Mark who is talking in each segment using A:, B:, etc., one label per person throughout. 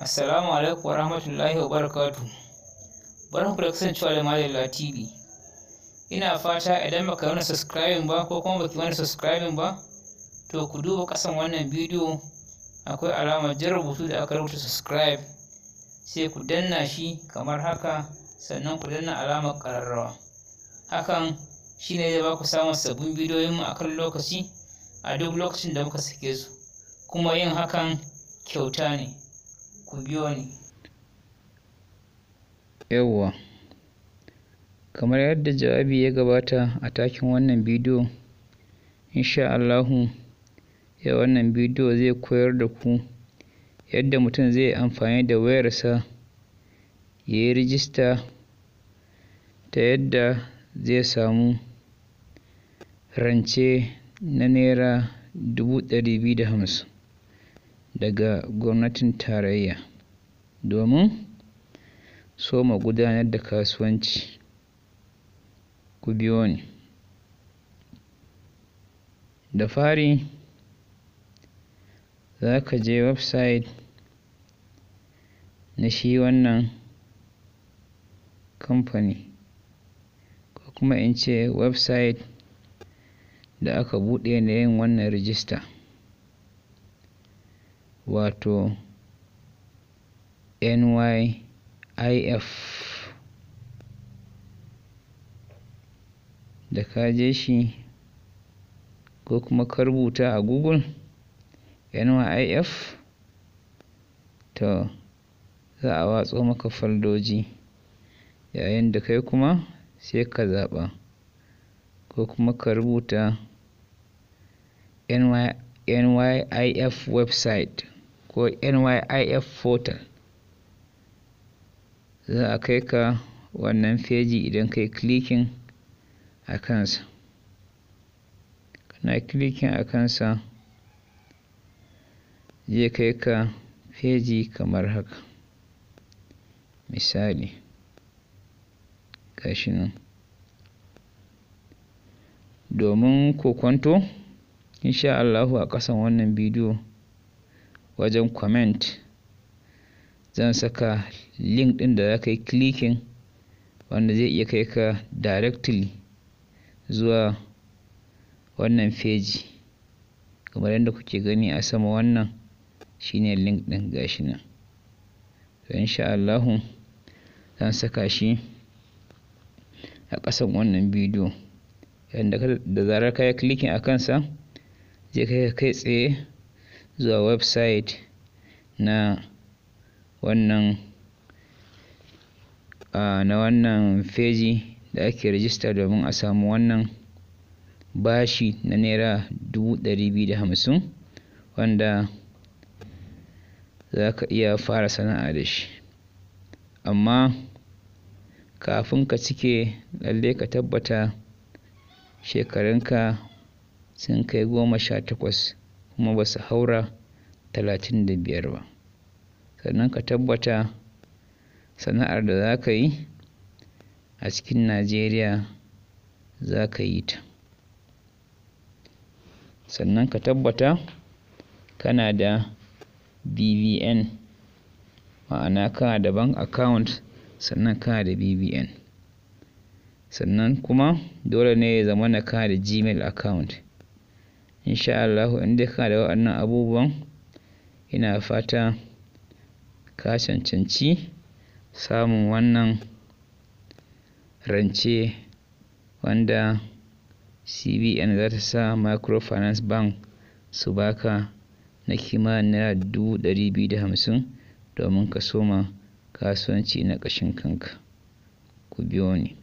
A: Assalamu alaikum wa rahmatullahi wa barakatu. Barkan ku da kasancewa da Malala TV. Ina fata idan baka wani subscribing ba ko kuma baki wani subscribing ba, to ku duba kasan wannan bidiyo akwai alamar jan rubutu da aka rubuta subscribe sai ku danna shi kamar haka sannan ku danna alamar kararrawa. Hakan shi ne zai ba ku samun sabbin bidiyoyinmu a kan lokaci a duk lokacin da muka sake su. Kuma yin hakan kyauta ne. ku kamar yadda jawabi ya gabata a takin wannan bidiyo insha Allahu ya wannan bidiyo zai koyar da ku yadda mutum zai amfani da wayarsa ya yi rijista ta yadda zai samu rance na naira dubu ɗari daga gwamnatin tarayya domin soma gudanar da kasuwanci ku biyo ni da fari za ka je website na shi wannan kamfani ko kuma in ce website da aka buɗe na yin wannan rijista wato nyif da ka je shi ko kuma ka rubuta a google nyif to za a watso maka faldoji yayin da kai kuma sai ka zaɓa ko kuma ka rubuta nyif website ko nyif portal za a kai ka wannan feji idan kai clicking a kansa kana clicking a kansa zai kai ka feji kamar haka misali gashi nan domin kokwanto insha Allahu a ƙasan wannan bidiyo wajen comment zan saka link ɗin da za ka yi clicking wanda zai iya kai ka directly zuwa wannan feji kamar yadda kuke gani a sama wannan shine link ɗin gashi nan to insha Allah zan saka shi a ƙasan wannan bidiyo yadda da zarar ka yi clicking a kansa zai kai kai tsaye zuwa website na wannan a na wannan feji da ake rajista domin a samu wannan bashi na naira dubu biyu da hamsin wanda za ka iya fara sana'a da shi amma kafin ka cike lalle ka tabbata shekarunka sun kai goma sha takwas kuma ba su haura 35 ba sannan ka tabbata sana'ar da za ka yi a cikin najeriya za ka yi ta sannan ka tabbata kana da bbn ma'ana kana da bank account sannan kana da bbn sannan kuma dole ne ya zama na kana da gmail account insha Allah in dai kana da waɗannan abubuwan ina fata ka cancanci samun wannan rance wanda CBN za ta sa microfinance bank su baka na kimanin naira dubu ɗari biyu da hamsin domin ka soma kasuwanci na ƙashin kanka ku biyo ni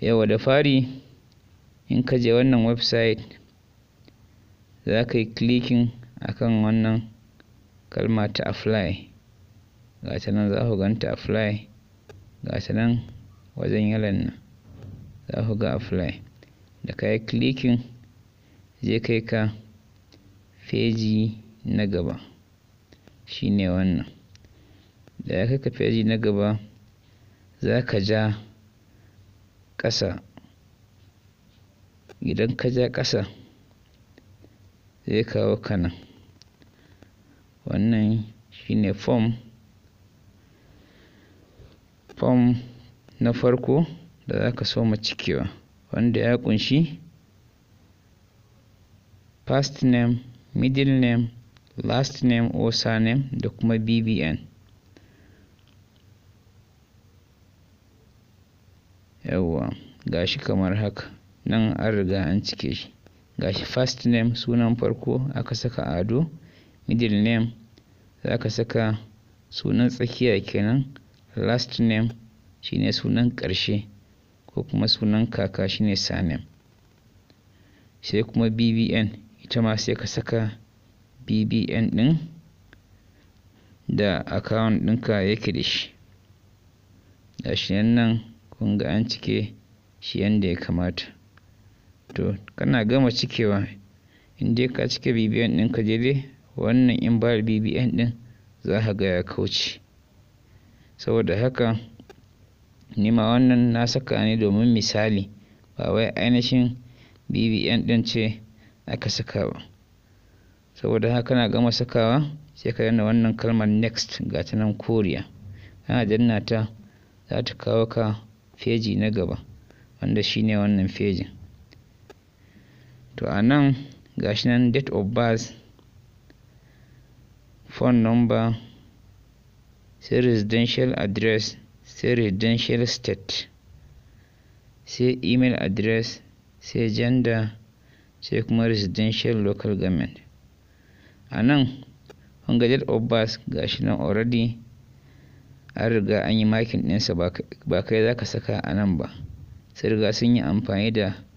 A: yau da fari in ka je wannan website za ka yi clicking akan wannan kalma ta apply ga ta nan za ku ganta apply ga ta nan wajen yalan nan za ku ga apply da ka yi clicking zai kai ka feji na gaba shi ne wannan da ya kai ka feji na gaba za ka ja ƙasa idan ka ja ƙasa zai kawo kanan wannan shine fom form na farko da za ka soma cikewa wanda ya kunshi first name middle name last name or surname da kuma bbn yawwa shi kamar haka nan an riga an cike shi gashi first name sunan farko aka saka ado middle name za ka saka sunan tsakiya kenan last name shine sunan ƙarshe ko kuma sunan kaka shine surname sai kuma bbn ita ma sai ka saka bbn ɗin da account ɗinka yake da shi gashi nan kun ga an cike shi yadda ya kamata To kana gama cikewa, in ka cike BBN ɗin ka daidai wannan in ba BBN ɗin za ka ga ya kauce. Saboda haka nima wannan na saka ne domin misali ba wai ainihin BBN ɗin ce aka saka ba. Saboda haka na gama sakawa sai ka yana wannan kalmar next ga ta nan koriya. Kana janna ta za ta kawo ka feji na gaba wanda shine wannan fejin. to a nan gashi nan date of birth phone number sai residential address sai residential state sai email address sai gender sai kuma residential local government a nan date of ga gashi nan already an riga an yi makin ɗinsa ba kai za ka saka a nan ba sai riga sun yi amfani da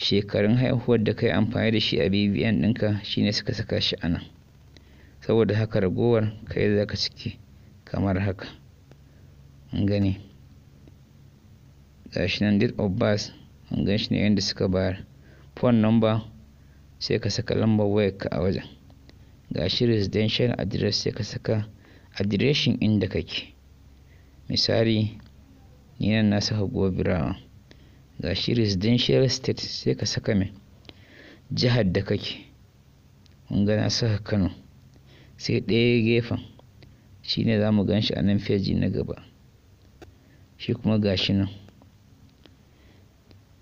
A: shekarun haihuwar da kai amfani da shi a bbn ɗinka shine suka saka shi a nan saboda haka ragowar kai za ka ciki kamar haka gani shi nan date of birth gan shi ne yadda suka bayar phone number sai ka saka lambar wayarka a wajen gashi residential address sai ka saka adireshin inda kake misali ni nan na saka gobirawa ga shi residential state sai ka saka mai jihar da kake ga na saka kano sai ɗaya gefen shi ne za mu gan shi a nan feji na gaba shi kuma ga shi nan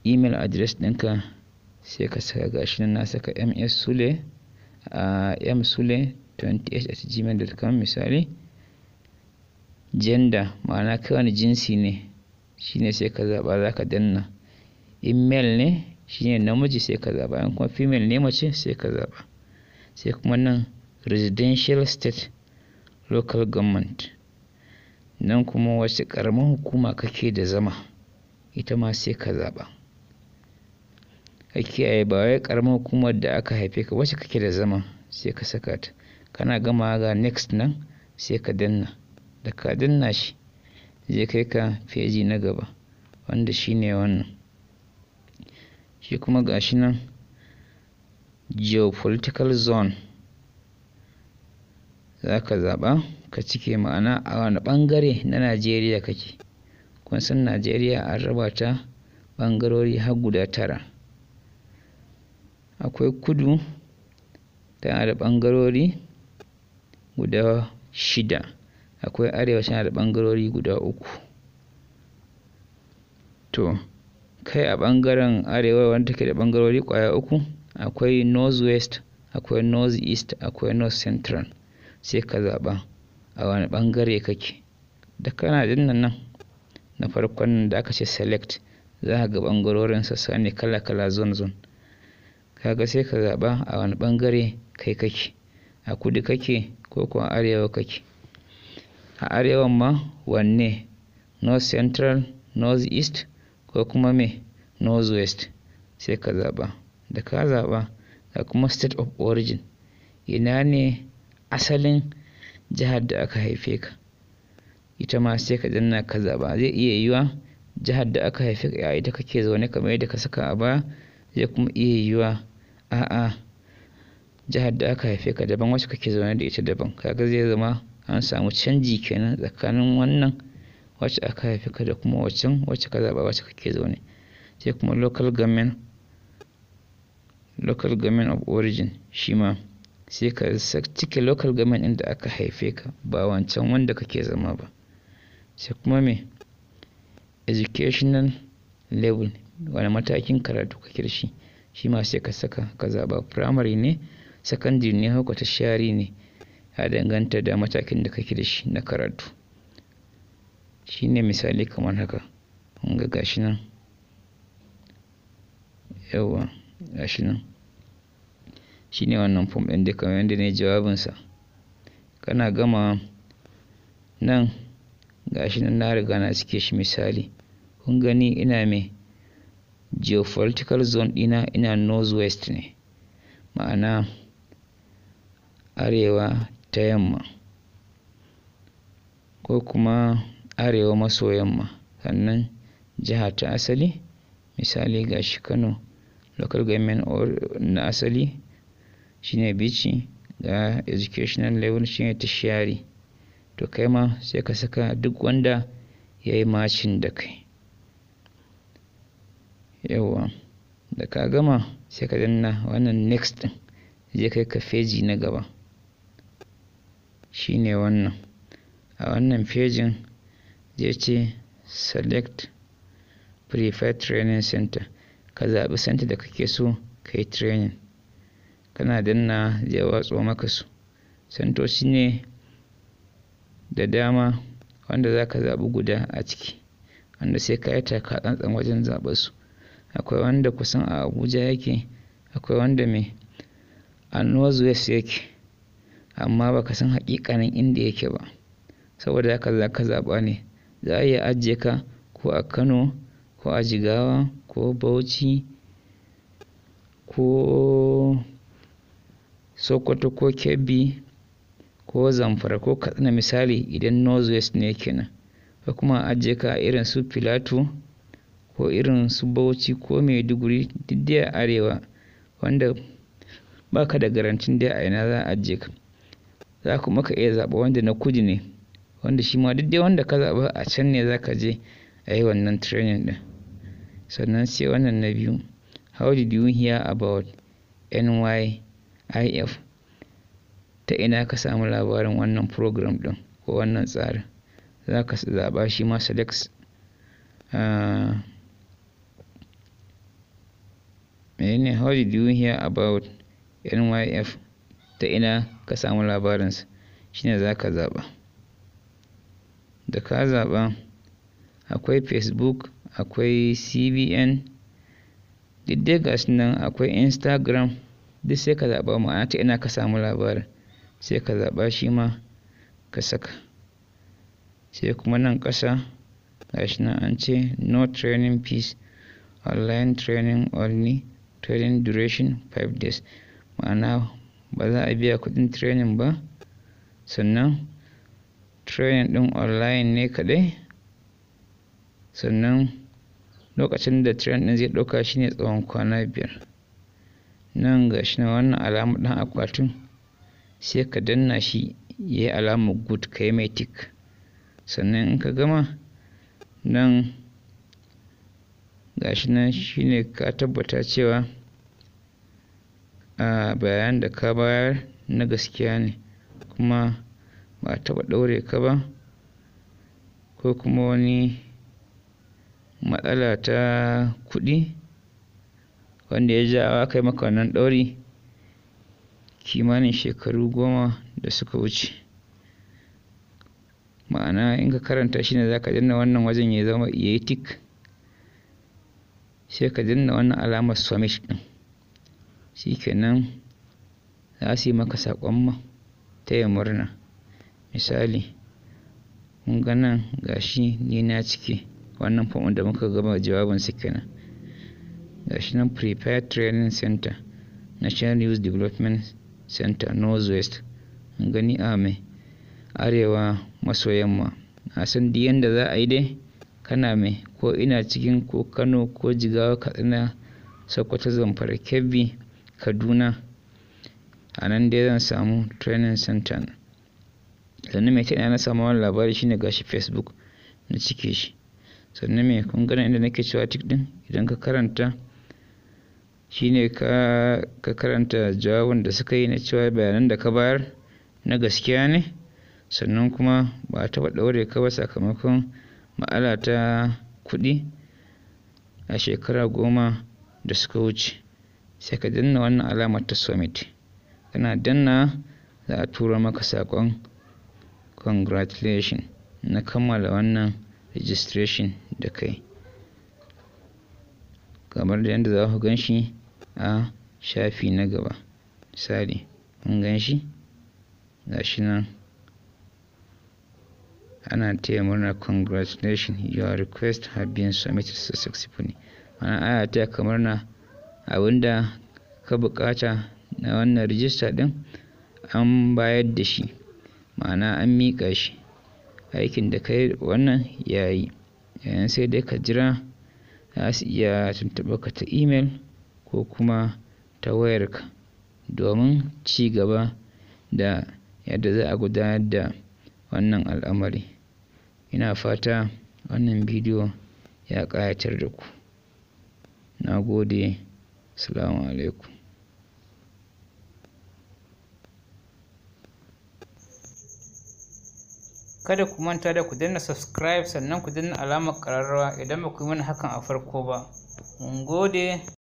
A: email address ɗinka sai ka saka ga shi nan na saka ms sule a msule gmail.com misali gender ma'ana kawai jinsi ne shi ne sai ka zaɓa za ka danna in male ne shine namiji sai ka zaba in kuma female ne mace sai ka zaba sai kuma nan residential state local government nan kuma wasu karamin hukuma kake da zama ita ma sai ka zaɓa ka kiyaye ba wai karamin hukumar da aka haife ka wace kake da zama sai ka saka ta kana gama ga next nan sai ka danna da ka danna shi zai kai ka feji na gaba wanda shine wannan shi kuma gashi nan geopolitical zone za ka zaɓa ka cike ma'ana a wani ɓangare na najeriya kake kun san najeriya an raba ta ɓangarori har guda tara akwai kudu tana da ɓangarori guda shida akwai arewa tana da ɓangarori guda uku to kai a ɓangaren arewa wanda take da ɓangarori kwaya uku akwai north west akwai north east akwai north central sai ka zaɓa a wani ɓangare kake da kana dinnan nan na farkon da aka ce select za ka ga ɓangarorin sassa ne kala-kala zone-zone kaga sai ka zaɓa a wani ɓangare kai kake a kudu kake ko kuwa arewa kake a arewa ma wanne north central north east ko kuma me northwest sai ka zaba da ka zaba ga kuma state of origin ina ne asalin jihar da aka haife ka ita ma sai ka danna ka zaba zai iya yiwa jihar da aka haife ka ita kake zaune kamar yadda ka saka a ba? zai kuma iya yiwa a'a jihar da aka haife ka daban wacce kake zaune da ita daban kaga zai zama an samu canji kenan tsakanin wannan wacce aka haifi ka da kuma waccan wacce ka zaba wacce kake zaune sai kuma local government local government of origin shi ma sai ka cike local government inda aka haife ka ba wancan wanda kake zama ba sai kuma me educational level wani matakin karatu kake da shi shi ma sai ka saka ka zaba primary ne secondary ne haka ta shari ne ya danganta da matakin da kake da shi na karatu shine misali kamar haka ga gashi nan yawa gashi nan shine wannan fom ɗin da kamar yadda ne jawabinsa kana gama nan gashi nan na riga na cike shi misali kun gani ina mai geopolitical zone ɗina ina north northwest ne ma'ana arewa ta yamma ko kuma arewa maso yamma sannan jiha ta asali misali ga shi kano local government na asali shine bichi ga educational level shine tashiyari to kai ma sai ka saka duk wanda ya yi macin da kai yawa da ka gama sai ka danna wannan next din zai kai ka feji na gaba shine wannan a wannan fejin yace ce select preferred training center ka zaɓi center da kake so ka yi training kana danna zai watso maka su santoci ne da dama wanda za ka zaɓi guda a ciki wanda sai ka yi taka tsantsan wajen zaɓar su akwai wanda kusan a abuja yake akwai wanda mai a northwest yake amma ba ka san haƙiƙanin inda yake ba saboda haka za ka zaɓa ne za a iya ajiye ka ko a Kano ko a Jigawa ko Bauchi ko Sokoto ko Kebbi ko Zamfara ko Katsina misali idan North West ne kenan ko kuma a ajiye ka a irin su Filato ko irin su Bauchi ko Maiduguri duk arewa wanda baka da garantin dai a ina za a ajiye ka za kuma ka iya zaɓa wanda na kudu ne. wanda shi ma duk dai wanda ka zaɓa a can ne za ka je a yi wannan training ɗin sannan sai wannan na biyu how did you hear about nyif ta ina ka samu labarin wannan program ɗin ko wannan tsarin za ka zaɓa shi ma select ah, ne how did you hear about NYIF ta ina ka samu labarinsa shine za ka zaɓa da ka zaɓa akwai facebook akwai cbn duk dai nan akwai instagram duk sai ka zaɓa ma'ana ta ina ka samu labarin sai ka zaɓa shi ma ka saka sai kuma nan ƙasa gashi nan an ce no training peace online training only training duration 5 days ma'ana ba za a biya kuɗin training ba sannan training ɗin online ne kaɗai sannan lokacin da training ɗin zai ɗauka shine tsawon kwana biyar nan ga shi na wannan alamar ɗan akwatin sai ka danna shi ya yi alamar good ka yi mai tik sannan in ka gama nan ga shi nan shine ka tabbata cewa a ah, bayan da ka bayar na gaskiya ne kuma ba a taɓa ɗaure ka ba ko kuma wani matsala ta kuɗi wanda ya ja a kai maka wannan ɗauri kimanin shekaru goma da suka wuce ma'ana in ka karanta shi ne za ka danna wannan wajen ya zama ya sai ka danna wannan alamar swamish ɗin shi kenan za su yi maka saƙon ma taya murna misali kun ga nan gashi ne na cike wannan fomin da muka gama jawabin su kenan gashi nan prepare training center national youth development center north-west northwest gani a mai arewa maso yamma a san duk yanda za a yi dai kana mai ko ina cikin ko kano ko jigawa katsina sokoto zamfara kebbi kaduna a nan dai zan samu training center sannan mai taɗa na samu wani labari shine shi facebook na cike shi sannan mai kungana inda nake cewa tik ɗin idan ka karanta shine ka ka karanta jawabin da suka yi na cewa bayanan da ka bayar na gaskiya ne sannan kuma ba a taɓa ɗaure ka ba sakamakon ma'ala ta kuɗi a shekara goma da suka wuce sai ka danna wannan alamar ta summit kana danna za a tura maka saƙon congratulations na kammala wannan registration da kai kamar da yadda za ku gan shi a shafi na gaba misali an gan shi ga shi nan ana taya murna congratulations your request has been submitted successfully ana ana taya ka murna abinda ka bukata na wannan rijista din an bayar da shi ma'ana an miƙa shi aikin da kai wannan ya yi yayin sai dai ka jira za su iya tuntuɓa ka ta imel ko kuma ta wayarka domin ci gaba da yadda za a gudanar da wannan al'amari ina fata wannan bidiyo ya ƙayatar da ku na gode salamu alaikum kada ku manta da ku danna subscribe sannan ku danna alamar ƙararrawa idan ba ku yi mana hakan a farko ba mun gode